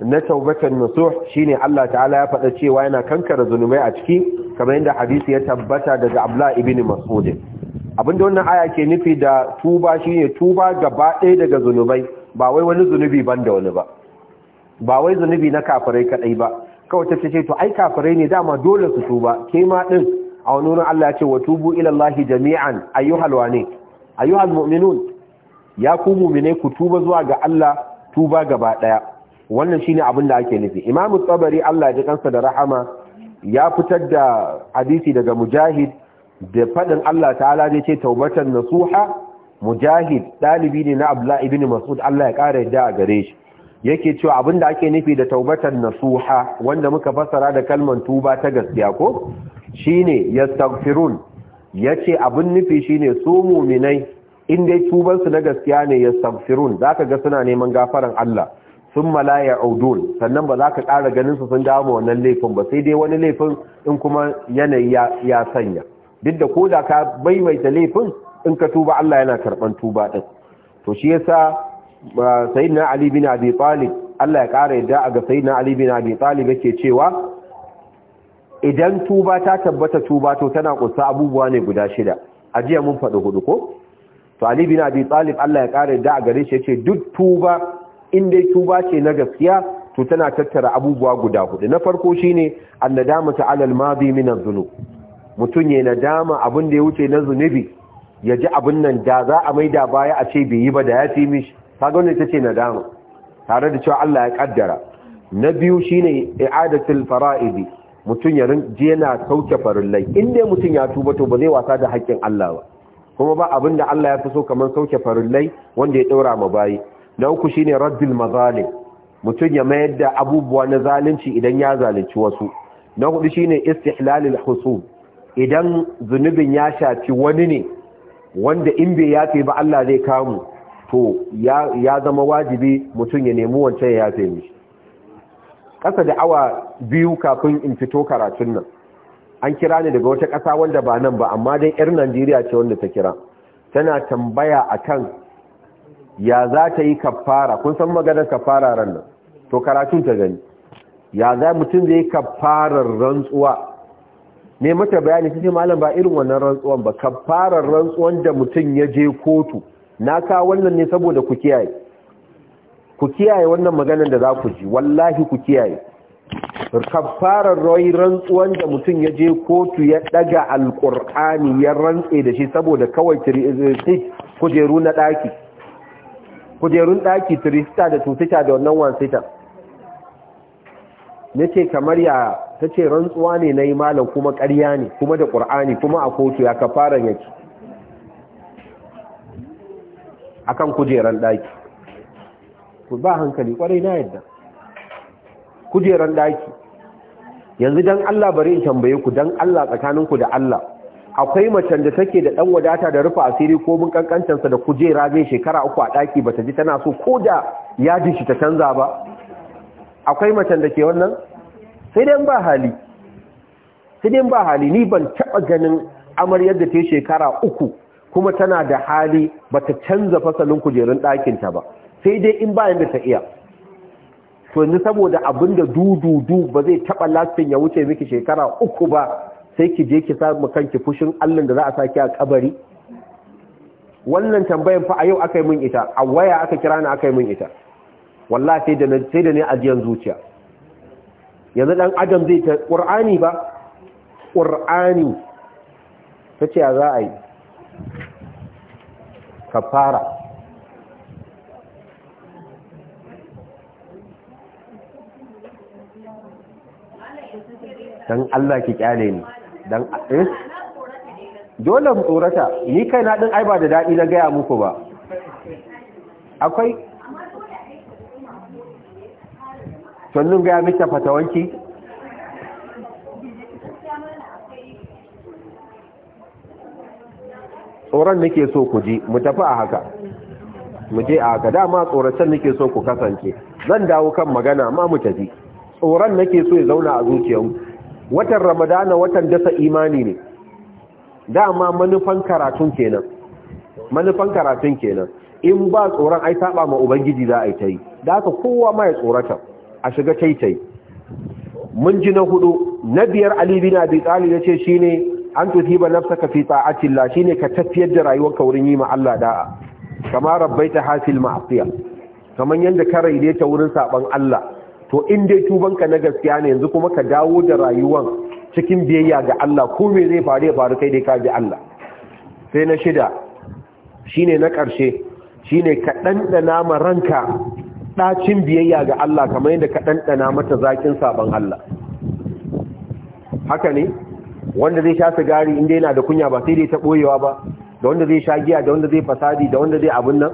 na taubatin nasuh shine Allah ta'ala ya faɗa cewa yana kankara zunubai a ciki kamar yadda hadisi ya tabbata daga Abdullah ibn Mas'ud abinda wannan aya ke nufi da tuba shine tuba gaba ɗaya daga zunubai ba wai wani zunubi ban da wani ba ba wai zunubi na kafirai kaɗai ba kawai ta ce to ai kafirai ne dama dole su tuba ke ma din a wani wurin Allah ya ce wa tubu ila Allah jami'an ayyuhal wane ayyuhal mu'minun ya ku mu'mine ku tuba zuwa ga Allah tuba gaba daya wannan shine abin da ake nufi Imam Tabari Allah ya ji kansa da rahama ya fitar da hadisi daga Mujahid da fadin Allah ta'ala zai ce taubatan nasuha Mujahid dalibi ne na Abdullah ibn Mas'ud Allah ya kare yadda a gare shi yake cewa da ake nufi da taubatan nasuha wanda muka fassara da kalman tuba ta gaskiya ko shine yastaghfirun yace abin nufi shine su mu'minai in dai tuban su na gaskiya ne yastaghfirun zaka ga suna neman gafaran Allah thumma la ya'udun sannan ba ka ƙara ganin su sun dawo wannan laifin ba sai dai wani laifin in kuma yanayi ya sanya duk da ko da ka baiwaita laifin in ka tuba Allah yana karban tuba din to shi yasa sayyidina ali bin abi talib Allah ya kara yadda ga sayyidina ali bin abi talib yake cewa idan tuba ta tabbata tuba to tana kusa abubuwa ne guda shida a mun faɗi hudu ko to ali bin abi talib Allah ya kara yadda a gare shi yace duk tuba in dai tuba ce na gaskiya to tana tattara abubuwa guda hudu na farko shine annadama ta alal madi min adh-dhunub mutun ya nadama abin da ya wuce na zunubi ya ji abin nan da za a maida baya a ce bai yi ba da ya fi mishi kaga ta ce nadama tare da cewa Allah ya kaddara na biyu shine i'adatul fara'idi mutum ya rinje yana sauke farillai inda mutum ya tuba to ba zai wasa da haƙƙin Allah ba kuma ba abinda Allah ya fi so kamar sauke farillai wanda ya daura ma bayi na uku shine raddul mazalim mutum ya mayar da abubuwa na zalunci idan ya zalunci wasu na hudu shine istihlalul husum idan zunubin ya shafi wani ne wanda in bai yafe ba Allah zai kamu to ya zama wajibi mutum ya nemi wancan ya yafe mishi ƙasa da awa biyu kafin in fito karatun nan an kira ni daga wata ƙasa wanda ba nan ba amma dai 'yar najeriya ce wanda ta kira tana tambaya akan ya za ta yi kafara kun san maganar kafara ran nan to karatun ta gani ya za mutum zai kafarar rantsuwa ne mata bayani sai malam ba irin wannan rantsuwan ba kafarar rantsuwan da mutum ya je kotu na ka wannan ne saboda ku kiyaye ku kiyaye wannan maganar da za ku ji wallahi ku kiyaye kafarar rai rantsuwan da mutum ya je kotu ya daga alkur'ani ya rantse da shi saboda kawai eh, eh, kujeru na daki kujerun daki sita da tutita da wannan wansita na ce kamar ya ta ce rantsuwa ne na yi malam kuma karya ne kuma da ƙur'ani kuma a kotu ya kafaran yake akan kujeran daki ku ba hankali kwarai na yadda kujeran daki yanzu dan Allah bari in tambaye ku dan Allah tsakanin ku da Allah akwai macen da take da dan wadata da rufe asiri ko mun sa da kujera zai shekara uku a daki bata ji tana so ko da ya ji shi ta canza ba akwai macen da ke wannan sai dai ba hali sai dai ba hali ni ban taba ganin amaryar da ta shekara uku kuma tana da hali ba ta canza fasalin kujerun ɗakinta ba sai dai in bayan da ta iya to ni saboda abin da dududu ba zai taɓa lafin ya wuce miki shekara uku ba sai ki je ki samu kanki fushin allin da za a saki a kabari wannan tambayin fa a yau aka yi min ita a waya aka kira ni aka yi min ita walla sai da sai da ne ajiyan zuciya yanzu dan adam zai ta qur'ani ba qur'ani tace ya za a yi kafara dan Allah ki kyale ni dan eh dole mu tsorata ni kai na din ai ba da dadi na gaya muku ba akwai sannan gaya miki fatawanki tsoron nake so ku ji mu tafi a haka mu je a haka dama tsoracen nake so ku kasance zan dawo kan magana Ma mu tafi tsoron nake so ya zauna a zuciyarku watan ramadana watan dasa imani ne dama manufan karatun kenan manufan karatun kenan in ba tsoron ai saba ma ubangiji za a yi ta yi da haka kowa ma ya tsorata a shiga taitai mun ji na hudu na biyar ali bi tsali talib yace shine an tusiba nafsaka fi ta'atillah shine ka tafiyar da rayuwarka wurin yi ma Allah da'a kama rabbaita hasil ma'asiya kaman yanda ka raide ta wurin saban Allah to in dai tubanka na gaskiya ne yanzu kuma ka dawo da rayuwar cikin biyayya ga Allah ko me zai faru ya faru kai dai ka bi Allah sai na shida shine na ƙarshe shine ka dandana ma ranka ɗacin biyayya ga Allah kamar yadda ka ɗanɗana mata zakin saban Allah. Haka ne? wanda zai sha sigari inda yana da kunya ba sai dai ta boyewa ba da wanda zai sha giya da wanda zai fasadi da wanda zai abin nan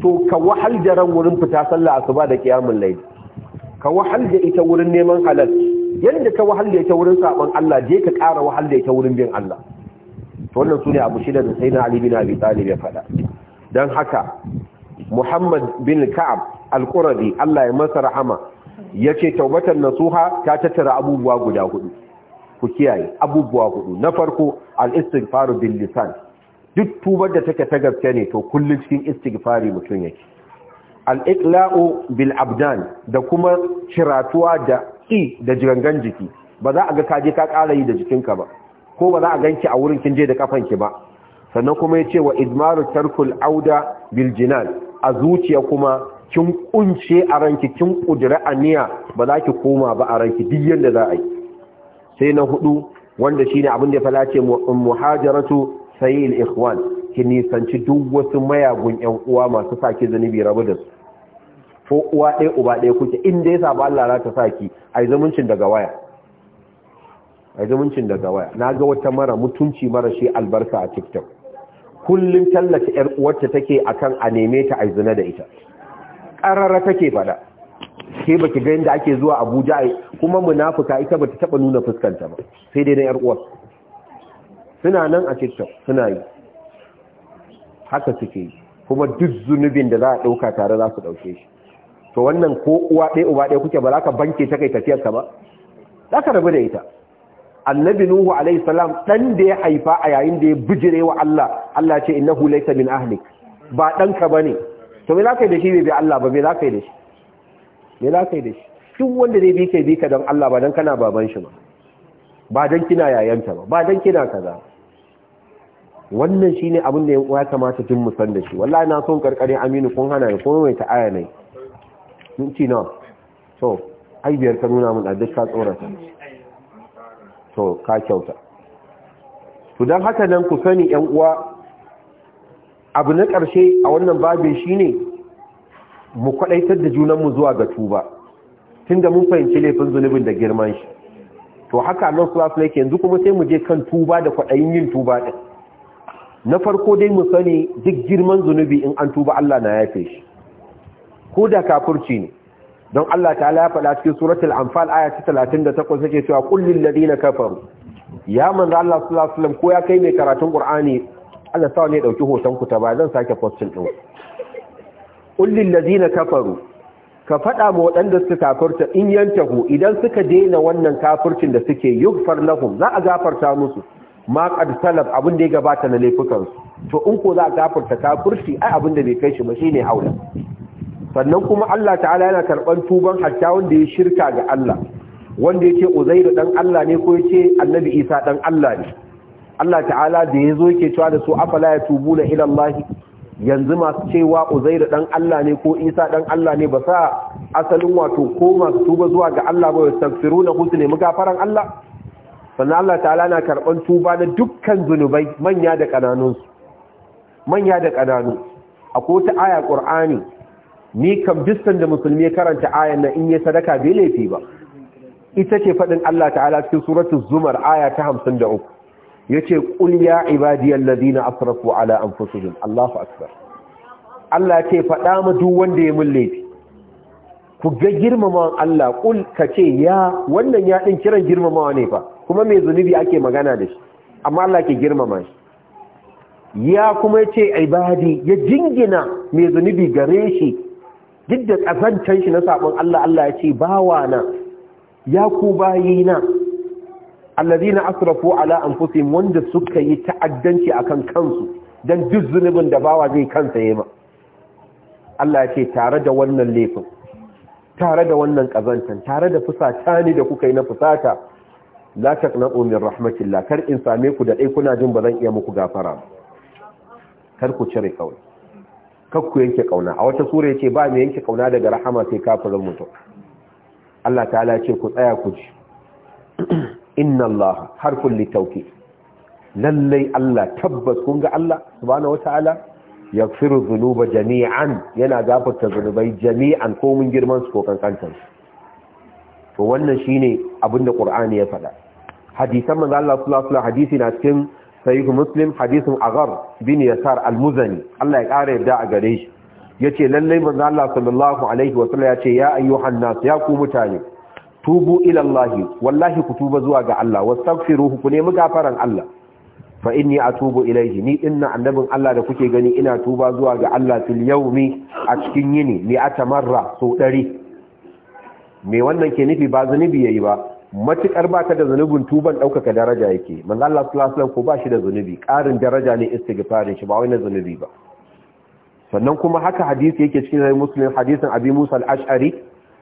to ka wahal da ran wurin fita sallah asuba da qiyamul layl ka wahal da ita wurin neman halal yanda ka wahal da ita wurin sabon Allah je ka ƙara wahal da ita wurin bin Allah to wannan sune abu shida da sayyidina Ali bin Abi Talib ya faɗa dan haka Muhammad bin Ka'ab al-Quradi Allah ya masa rahama yace taubatan nasuha ta tattara abubuwa guda hudu ku kiyaye abubuwa hudu na farko al-istighfaru bil lisan duk tubar da take ta gaske ne to kullun cikin istighfari mutun yake al-iqla'u bil abdan da kuma ciratuwa da ki da jirangan jiki ba za a ga kaje ka ƙara yi da jikinka ba ko ba za a ganki a wurin kin je da kafanki ba sannan kuma yace wa idmaru tarkul auda bil jinan a zuciya kuma kin kunce a ranki kin kudura aniya ba za ki koma ba a ranki duk yanda za a yi sai na hudu wanda shine abin da fala ce muhajaratu sayil ikhwan ki nisanci duk wasu mayagun yan uwa masu saki zanubi rabu da su ko uwa ɗaya uba ɗaya kuke in dai saba Allah za ta saki ai zumuncin daga waya ai zumuncin daga waya na ga wata mara mutunci mara shi albarka a TikTok kullum tallata yar uwarta take akan a neme ta ai zina da ita ƙarara take fada ke baki ga yadda ake zuwa Abuja kuma munafuka ita bata taba nuna fuskanta ba sai dai dan yar uwar suna nan a TikTok suna yi haka suke yi kuma duk zunubin da za a dauka tare za su dauke shi to wannan ko uwa ɗaya uba ɗaya kuke ba za ka banke ta kai tafiyar ka ba za ka rabu da ita annabi nuhu alaihi salam dan da ya haifa a yayin da ya bijire wa Allah Allah ce innahu laysa min ahlik ba ba bane to me za ka yi da shi bai bi Allah ba me za ka yi da shi me za ka yi da shi duk wanda zai bi ka bi ka don Allah ba don kana baban shi ba ba don kina yayanta ba ba don kina kaza wannan shine abin da ya kamata tun mu san da shi wallahi na son karkarin aminu kun hana ni kuma mai ta aya ne mun ci na to ai biyar ka nuna mun duk ka tsorata to ka kyauta to dan haka nan ku sani yan uwa abu na karshe a wannan babin shine mu kwadaitar da junanmu zuwa ga tuba tunda mun fahimci laifin zunubin da girman shi to haka Allah sallallahu alaihi yanzu kuma sai mu je kan tuba da kwadayin yin tuba din na farko dai mu sani duk girman zunubi in an tuba Allah na yafe shi ko da kafurci ne don Allah ta'ala ya faɗa cikin suratul anfal aya ta talatin da 38 yake cewa kullin ladina kafaru ya manzo Allah sallallahu alaihi ko ya kai mai karatun qur'ani Allah sawa ne dauki hoton ku ta ba zan sake postin din kullin lazina kafaru ka faɗa ma waɗanda suka kafarta in yantahu idan suka daina wannan kafurcin da suke far lahum za a gafarta musu ma ƙad salaf abin da ya gabata na laifukansu to in ko za a gafarta kafurci ai abin da bai kai shi ba ne haula sannan kuma Allah ta'ala yana karɓar tuban hatta wanda ya shirka ga Allah wanda yake Uzairu dan Allah ne ko yace Annabi Isa dan Allah ne Allah ta'ala da ya zo yake cewa da su afala tubuna ila Allah yanzu masu cewa uzairu dan Allah ne ko isa dan Allah ne ba sa asalin wato ko masu tuba zuwa ga Allah ba wasu tafsiru na hutu ne mugafaran Allah sannan Allah ta'ala na karɓar tuba na dukkan zunubai manya da ƙananunsu manya da kananu a ta aya qur'ani ni kam distan da musulmi ya karanta ayan na in ya sadaka bai laifi ba ita ce faɗin Allah ta'ala cikin suratul zumar aya ta hamsin da uku. yace qul ya ibadiyallazina asrafu ala anfusihim Allahu akbar Allah ce faɗa mu duk wanda ya mun ku ga girmamawan Allah kul kace ya wannan ya din kiran girmamawa ne fa kuma mai zunubi ake magana da shi amma Allah ke girmama shi ya kuma yace ibadi ya jingina mai zunubi gare shi duk da kasancan shi na sabon Allah Allah yace bawa bawana ya ku bayina na asrafu ala fusi wanda suka yi ta'addanci akan kansu don duk zunubin da bawa zai kansa yi ma Allah ya ce tare da wannan laifin tare da wannan kazantan tare da fusata ne da kuka yi na fusata la na min rahmatin kar in same ku da kuna jin zan iya muku gafara kar ku cire kawai kar ku yanke kauna a wata sura ce ba mu yanke kauna daga rahama sai kafirin mutum Allah ta ku tsaya ku ji inna Allah har kulli tauki lallai Allah tabbas kun ga Allah subhanahu wataala yaghfiru dhunuba jami'an yana gafarta zunubai jami'an ko mun girman su ko kankantan to wannan shine abinda Qur'ani ya faɗa hadisan manzo Allah sallallahu alaihi hadisi na cikin sahih Muslim hadisin Aghar bin Yasar al-Muzani Allah ya ƙara yadda a gare shi yace lallai manzo Allah sallallahu alaihi wasallam yace ya ayyuhan nas ya ku mutane tubu ilallahi wallahi ku tuba zuwa ga Allah wastaghfiruhu ku nemi gafaran Allah fa inni atubu ilayhi ni inna annabin Allah da kuke gani ina tuba zuwa ga Allah fil yawmi a cikin yini ni atamarra so ɗari. me wannan ke nufi ba zanubi yayi ba matukar baka da zanubin tuban daukaka daraja yake manzo Allah sallallahu alaihi wasallam ko ba shi da zanubi karin daraja ne istighfarin shi ba wai na zanubi ba sannan kuma haka hadisi yake cikin sahih muslim hadisin abi musa al-ash'ari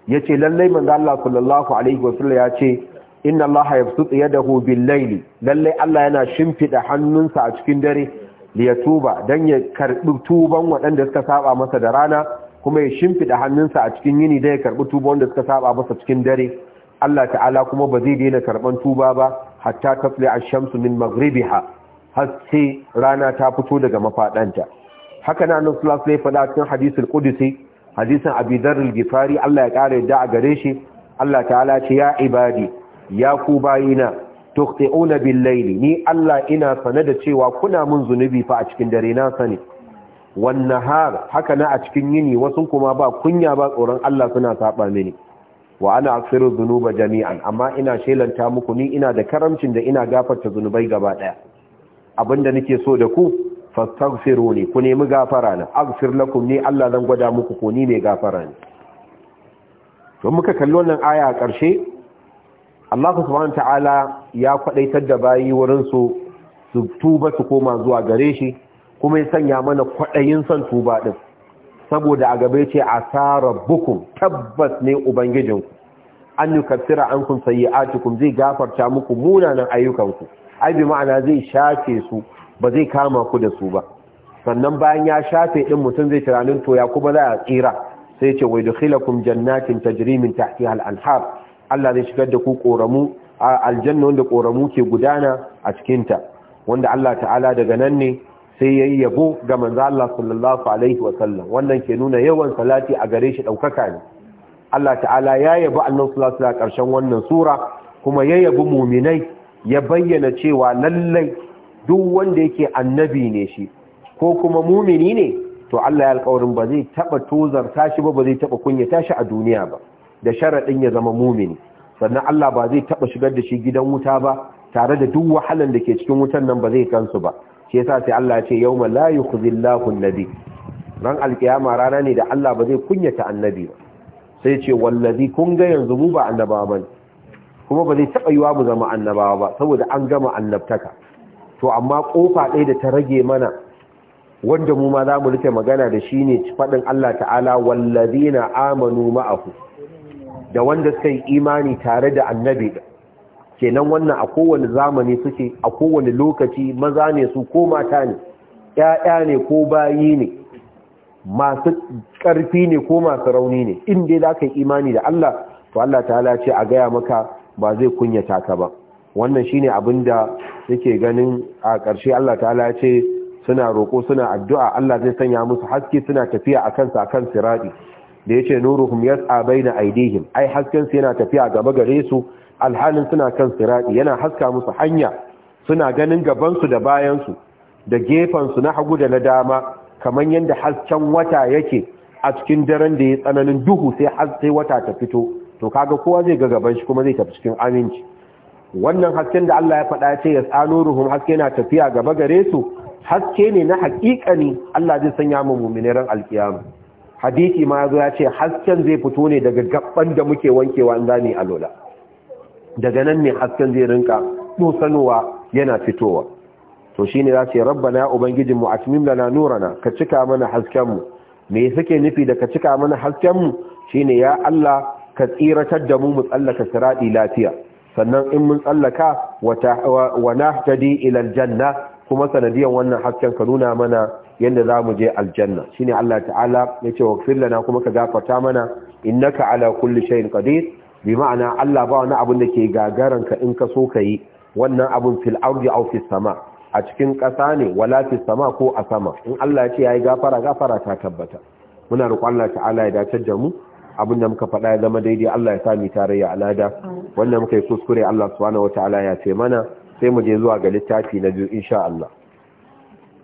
Ya ce lallai manzo Allah sallallahu alaihi wasallam ya ce inna Allah yabsutu yadahu bil layli lallai Allah yana shimfida hannunsa a cikin dare li yatuba dan ya karbi tuban waɗanda suka saba masa da rana kuma ya shimfida hannunsa a cikin yini da ya karbi tuban wanda suka saba masa cikin dare Allah ta'ala kuma ba zai daina karban tuba ba hatta tafli ash-shamsu min maghribiha har sai rana ta fito daga mafadanta haka na nan sallallahu alaihi wasallam faɗa cikin hadisul qudsi hadisin abidar al-gifari Allah ya kare yadda a gare shi Allah ta'ala ce ya ibadi ya ku bayina tuqti'una bil-laili ni Allah ina sane da cewa kuna mun zunubi fa a cikin dare na sani wan nahar haka na a cikin yini wasu kuma ba kunya ba tsoron Allah suna saba mini wa ana aksiru zunuba jami'an amma ina shelanta muku ni ina da karamcin da ina gafarta zunubai gaba daya abinda nake so da ku fastaghfiruni ku nemi gafara na aghfir lakum ni Allah zan gwada muku ko ni ne gafara ne to muka kalli wannan aya a ƙarshe Allah subhanahu wataala ya kwadaitar da bayi wurin su su tuba su koma zuwa gare shi kuma ya sanya mana kwadayin son tuba din saboda a gaba yace bukum tabbas ne ubangijinku an yukaffira ankum sayyi'atukum zai gafarta muku munanan ayyukanku ai bi ma'ana zai shafe su ba zai kama ku da su ba sannan bayan ya shafe din mutum zai tunanin toya ya kuma za a tsira sai ce wai dukhilakum jannatin tajri min tahtiha al-anhar Allah zai shigar da ku koramu aljanna wanda koramu ke gudana a cikin ta wanda Allah ta'ala daga nan ne sai yayi yabo ga manzo Allah sallallahu alaihi wa sallam wannan ke nuna yawan salati a gare shi daukaka ne Allah ta'ala ya yabi annabi sallallahu alaihi wa sallam karshen wannan sura kuma ya yabi mu'minai ya bayyana cewa lallai duk wanda yake annabi ne shi ko kuma mumini ne to Allah ya alƙawarin ba zai taɓa tozarta tashi ba ba zai taɓa kunya tashi a duniya ba da sharaɗin ya zama mumini sannan Allah ba zai taɓa shigar da shi gidan wuta ba tare da duk wahalan da ke cikin wutan nan ba zai kansu ba shi yasa sai Allah ya ce yawma la yukhzillahu annabi ran alkiyama rana ne da Allah ba zai kunyata annabi ba sai ce wallazi kun ga yanzu mu ba annabawa bane kuma ba zai taɓa yiwa mu zama annabawa ba saboda an gama annabtaka to amma kofa ɗaya da ta rage mana wanda mu ma za mu rufe magana da shi ne faɗin Allah ta'ala na amanu ma'ahu da wanda suka yi imani tare da annabi kenan wannan a kowane zamani suke a kowane lokaci maza ne su ko mata ne ƴaƴa ne ko bayi ne masu ƙarfi ne ko masu rauni ne in dai za ka yi imani da Allah to Allah ta'ala ce a gaya maka ba zai kunyata ka ba wannan shine abin da yake ganin a ƙarshe Allah ta'ala ce suna roƙo suna addu'a Allah zai sanya musu haske suna tafiya a kansu a kan sirati da yace nuruhum yas'a baina aidihim ai hasken su yana tafiya gaba gare su alhalin suna kan sirati yana haska musu hanya suna ganin gabansu da bayansu da gefen su na hagu da na dama kamar yadda hasken wata yake a cikin daren da ya tsananin duhu sai har sai wata ta fito to kaga kowa zai ga gaban shi kuma zai tafi cikin aminci wannan hasken da Allah ya faɗa ya ce ya tsano ruhun haske na tafiya gaba gare su haske ne na haƙiƙa ne Allah zai sanya mu mu'minin ran alkiyama hadisi ma yazo ya ce hasken zai fito ne daga gaban da muke wankewa in zamu alola daga nan ne hasken zai rinka dosanowa yana fitowa to shine za ce rabbana ubangijin mu atmim lana nurana ka cika mana hasken mu me suke nufi da ka cika mana hasken mu shine ya Allah ka tsiratar da mu mu tsallaka sirati lafiya sannan in mun tsallaka wa nahtadi ila janna, kuma sanadiyan wannan hasken ka nuna mana yadda za mu je aljanna shine Allah ta'ala ya ce wa lana kuma ka gafarta mana innaka ala kulli shay'in qadir bi ma'ana Allah ba wani abin da ke gagaran ka in ka so ka yi wannan abun fil ardi aw sama a cikin ƙasa ne wala fisama sama ko a sama in Allah ya ce yayi gafara gafara ta tabbata muna roƙon Allah ta'ala ya dace da mu abin da muka faɗa ya zama daidai Allah ya sami tarayya tarayya alada wannan muka yi kuskure Allah subhanahu wataala ya ce mana sai mu je zuwa ga littafi na biyu insha Allah